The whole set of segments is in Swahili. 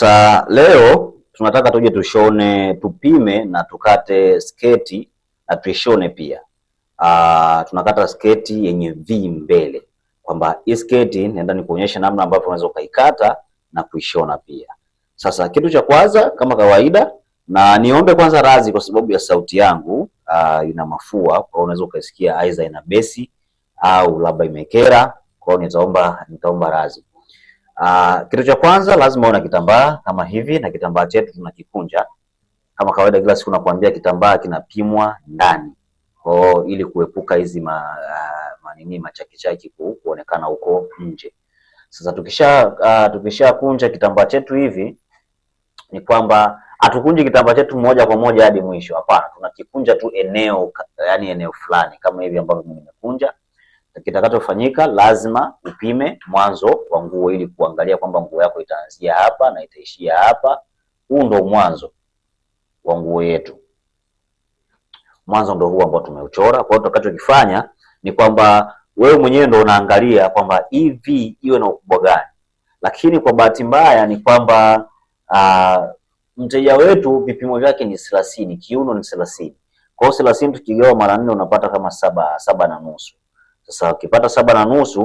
Sasa leo tunataka tuje tushone, tupime na tukate sketi na tuishone pia. Aa, ah, tunakata sketi yenye V mbele, kwamba hii sketi naenda nikuonyesha namna ambavyo unaweza ukaikata na kuishona pia. Sasa kitu cha kwanza kama kawaida, na niombe kwanza radhi kwa sababu ya sauti yangu aa, ah, ina mafua, kwa unaweza ukaisikia aidha ina besi au labda imekera, kwa nitaomba nitaomba radhi. Ah, kitu cha kwanza lazima uwe na kitambaa kama hivi, na kitambaa chetu tunakikunja kama kawaida. Kila siku nakwambia kitambaa kinapimwa ndani kwa ili kuepuka hizi ma, uh, manini machakichaki kuonekana huko nje. Sasa tukisha uh, ah, tukisha kunja kitambaa chetu hivi, ni kwamba hatukunji kitambaa chetu moja kwa moja hadi mwisho. Hapana, tunakikunja tu eneo, yani eneo fulani kama hivi ambavyo nimekunja kitakachofanyika lazima upime mwanzo wa nguo ili kuangalia kwamba nguo yako itaanzia hapa na itaishia hapa. Huu ndo mwanzo wa nguo yetu, mwanzo ndo huu ambao tumeuchora. Kwa hiyo tutakachokifanya ni kwamba wewe mwenyewe ndo unaangalia kwamba hivi iwe na ukubwa gani, lakini kwa bahati mbaya ni kwamba uh, mteja wetu vipimo vyake ni thelathini, kiuno ni thelathini. Kwa hiyo thelathini tukigawa mara nne unapata kama saba, saba na nusu sasa ukipata saba na nusu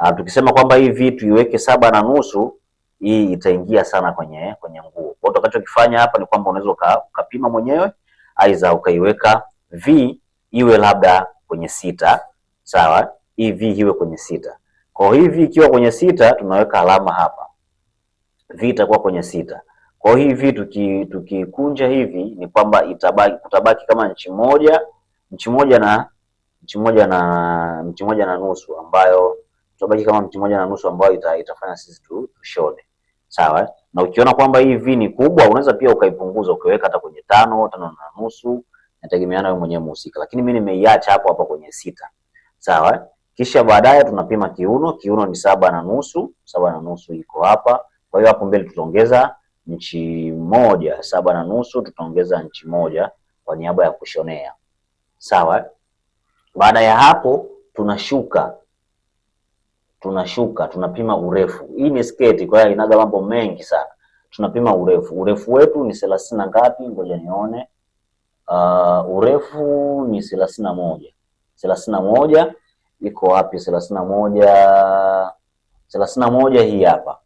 uh, tukisema kwamba hii vitu tuiweke saba na nusu, hii itaingia sana kwenye kwenye nguo. Kwa hiyo utakachokifanya hapa ni kwamba unaweza ukapima mwenyewe, aidha ukaiweka v iwe labda kwenye sita, sawa, hii v iwe kwenye sita. Kwa hiyo hivi ikiwa kwenye sita, tunaweka alama hapa, v itakuwa kwenye sita. Kwa hiyo hivi tukikunja tuki hivi ni kwamba itabaki kutabaki kama nchi moja nchi moja na mchi moja na mchi moja na nusu ambayo tutabaki kama mchi moja na nusu ambayo ita, itafanya sisi tu tushone sawa. Na ukiona kwamba hii v ni kubwa, unaweza pia ukaipunguza ukiweka hata kwenye tano tano na nusu, nategemeana wewe mwenyewe muhusika. lakini mimi nimeiacha hapo hapo kwenye sita sawa. Kisha baadaye tunapima kiuno, kiuno ni saba na nusu, saba na nusu iko hapa. Kwa hiyo hapo mbele tutaongeza nchi moja, saba na nusu tutaongeza nchi moja kwa niaba ya kushonea sawa. Baada ya hapo tunashuka tunashuka tunapima urefu. Hii ni sketi, kwa hiyo inaga mambo mengi sana. Tunapima urefu, urefu wetu ni thelathini na ngapi? Ngoja nione. Uh, urefu ni thelathini na moja thelathini na moja iko wapi? thelathini na moja thelathini na moja hii hapa,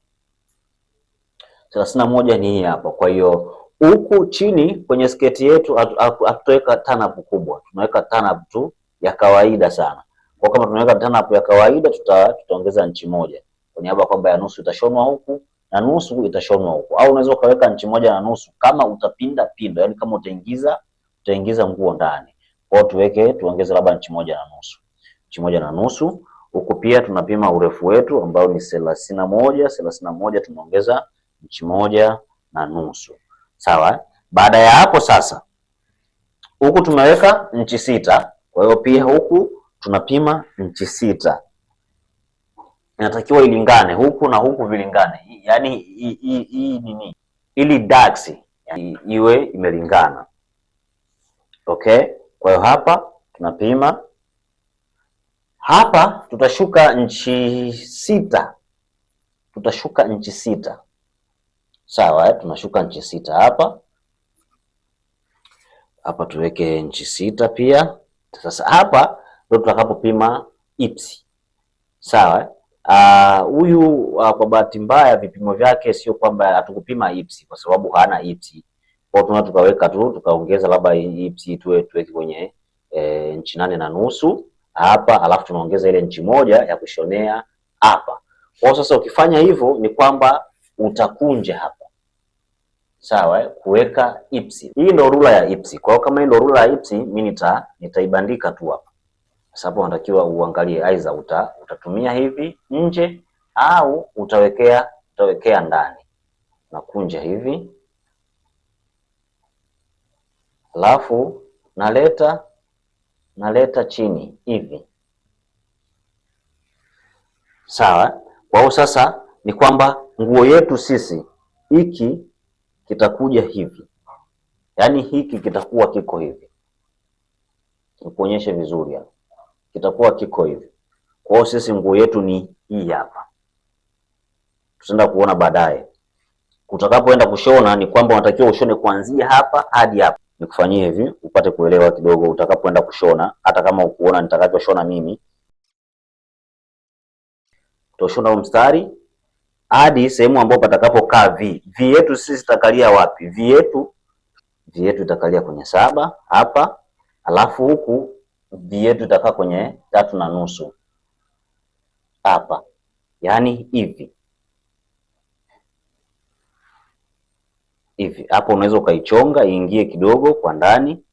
thelathini na moja ni hii hapa. Kwa hiyo huku chini kwenye sketi yetu hatutaweka tanapu kubwa, tunaweka tanapu tu ya kawaida sana. Kwa kama tunaweka mtana ya kawaida tuta, tutaongeza nchi moja kwa niaba kwamba ya nusu itashonwa huku na nusu itashonwa huku, au unaweza ukaweka nchi moja na nusu kama utapinda pindo, yani kama utaingiza utaingiza nguo ndani. Kwa hiyo tuweke tuongeze labda nchi moja na nusu nchi moja na nusu huku. Pia tunapima urefu wetu ambao ni thelathini na moja thelathini na moja tunaongeza nchi moja na nusu sawa. Baada ya hapo sasa, huku tumeweka nchi sita kwa hiyo pia huku tunapima nchi sita, inatakiwa ilingane huku na huku vilingane, yaani hii nini, ili DAX iwe imelingana. Okay, kwa hiyo hapa tunapima hapa, tutashuka nchi sita, tutashuka nchi sita. Sawa, eh? tunashuka nchi sita hapa hapa, tuweke nchi sita pia sasa hapa ndio tutakapopima IPSI. Sawa? Eh? Ah, huyu uh, kwa bahati mbaya vipimo vyake sio kwamba hatukupima IPSI kwa sababu hana IPSI. Kwa hiyo tukaweka tu tukaongeza labda IPSI tuwe tuweke kwenye e, eh, nchi nane na nusu hapa alafu tunaongeza ile nchi moja ya kushonea hapa. Kwa sasa ukifanya hivyo ni kwamba utakunja hapa sawa eh, kuweka ipsi. Hii ndo rula ya ipsi. Kwa hiyo kama hii ndo rula ya ipsi, mimi nita nitaibandika tu hapa. Sasa unatakiwa uangalie aidha uta, utatumia hivi nje au utawekea utawekea ndani. Nakunja hivi alafu naleta naleta chini hivi sawa. Kwa hiyo sasa ni kwamba nguo yetu sisi hiki kitakuja hivi, yaani hiki kitakuwa kiko hivi, nikuonyeshe vizuri hapa, kitakuwa kiko hivi. Kwa hiyo sisi nguo yetu ni hii hapa, tutaenda kuona baadaye. Utakapoenda kushona ni kwamba unatakiwa ushone kuanzia hapa hadi hapa. Nikufanyie hivi upate kuelewa kidogo, utakapoenda kushona, hata kama ukuona nitakachoshona mimi, utashona mstari hadi sehemu ambapo patakapokaa v. V yetu sisi zitakalia wapi? V yetu v yetu itakalia kwenye saba hapa, alafu huku v yetu itakaa kwenye tatu na nusu hapa, yaani hivi hivi hapo. Unaweza ukaichonga iingie kidogo kwa ndani,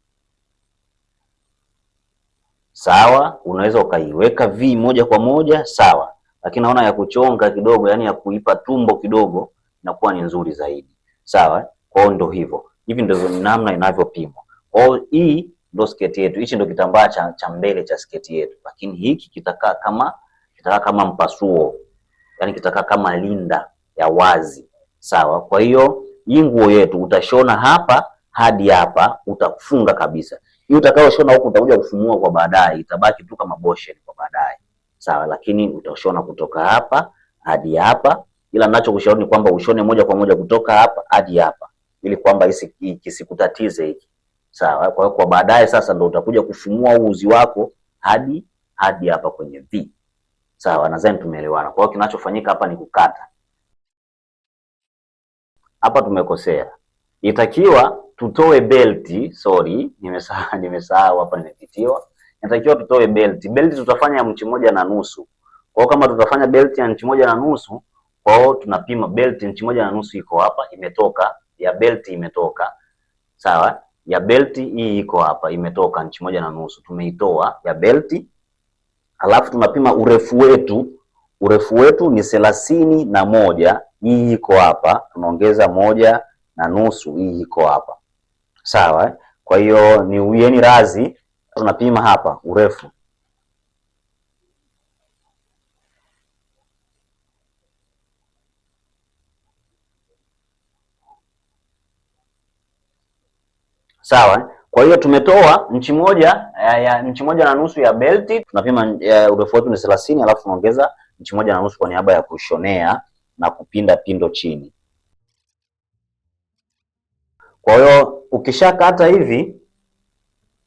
sawa. Unaweza ukaiweka v moja kwa moja, sawa lakini naona ya kuchonga kidogo, yani ya kuipa tumbo kidogo inakuwa ni nzuri zaidi. Sawa, kwao ndo hivyo, hivi ndio namna inavyopimwa. Kwao hii ndo sketi yetu, hichi ndo kitambaa cha, cha mbele cha sketi yetu, lakini hiki kitakaa kama kitakaa kama mpasuo, yani kitakaa kama linda ya wazi. Sawa, kwa hiyo hii nguo yetu utashona hapa hadi hapa, utafunga kabisa. Hii utakayoshona huku utakuja kufumua kwa baadaye, itabaki tu kama boshen kwa baadaye sawa, lakini utashona kutoka hapa hadi hapa, ila ninachokushauri ni kwamba ushone moja kwa moja kutoka hapa hadi hapa, ili kwamba kisikutatize hiki, sawa. Kwa hiyo kwa baadaye sasa ndo utakuja kufumua uzi wako hadi hadi hapa kwenye V, sawa. Nadhani tumeelewana. Kwa hiyo kinachofanyika hapa ni kukata hapa, tumekosea itakiwa tutoe belti. Sorry, nimesahau nimesahau hapa, nimepitiwa inatakiwa tutoe belt. Belt tutafanya ya mchi moja na nusu. Kwa kama tutafanya belt ya nchi moja na nusu, kwa hiyo tunapima belt nchi moja na nusu iko hapa, imetoka ya belt imetoka. Sawa? Ya belt hii iko hapa, imetoka nchi moja na nusu. Tumeitoa ya belt. Alafu tunapima urefu wetu. Urefu wetu ni thelathini na moja. Hii iko hapa, tunaongeza moja na nusu, hii iko hapa. Sawa? Kwa hiyo ni uyeni razi unapima hapa urefu sawa. Eh? Kwa hiyo tumetoa nchi moja eh, ya nchi moja na nusu ya belti, tunapima eh, urefu wetu ni thelathini, alafu tunaongeza nchi moja na nusu kwa niaba ya kushonea na kupinda pindo chini. Kwa hiyo ukishakata hivi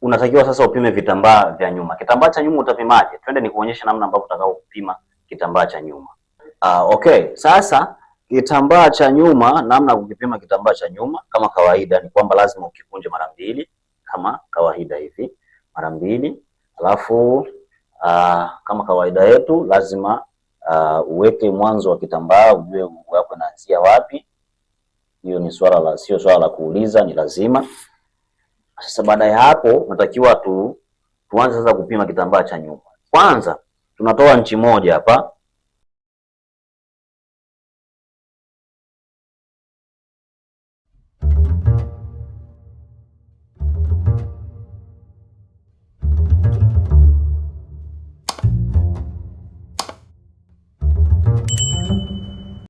unatakiwa sasa upime vitambaa vya nyuma. Kitambaa cha nyuma utapimaje? Twende nikuonyeshe namna ambavyo utakao kupima kitambaa cha nyuma. Ah, okay. Sasa kitambaa cha nyuma, namna ya kukipima kitambaa cha nyuma kama kawaida ni kwamba lazima ukikunje mara mbili kama kawaida hivi, mara mbili. Alafu uh, kama kawaida yetu lazima uh, uweke mwanzo wa kitambaa, ujue wako wapi. Hiyo ni swala la, sio swala la kuuliza, ni lazima sasa baada ya hapo natakiwa tu tuanze sasa kupima kitambaa cha nyumba. Kwanza tunatoa nchi moja hapa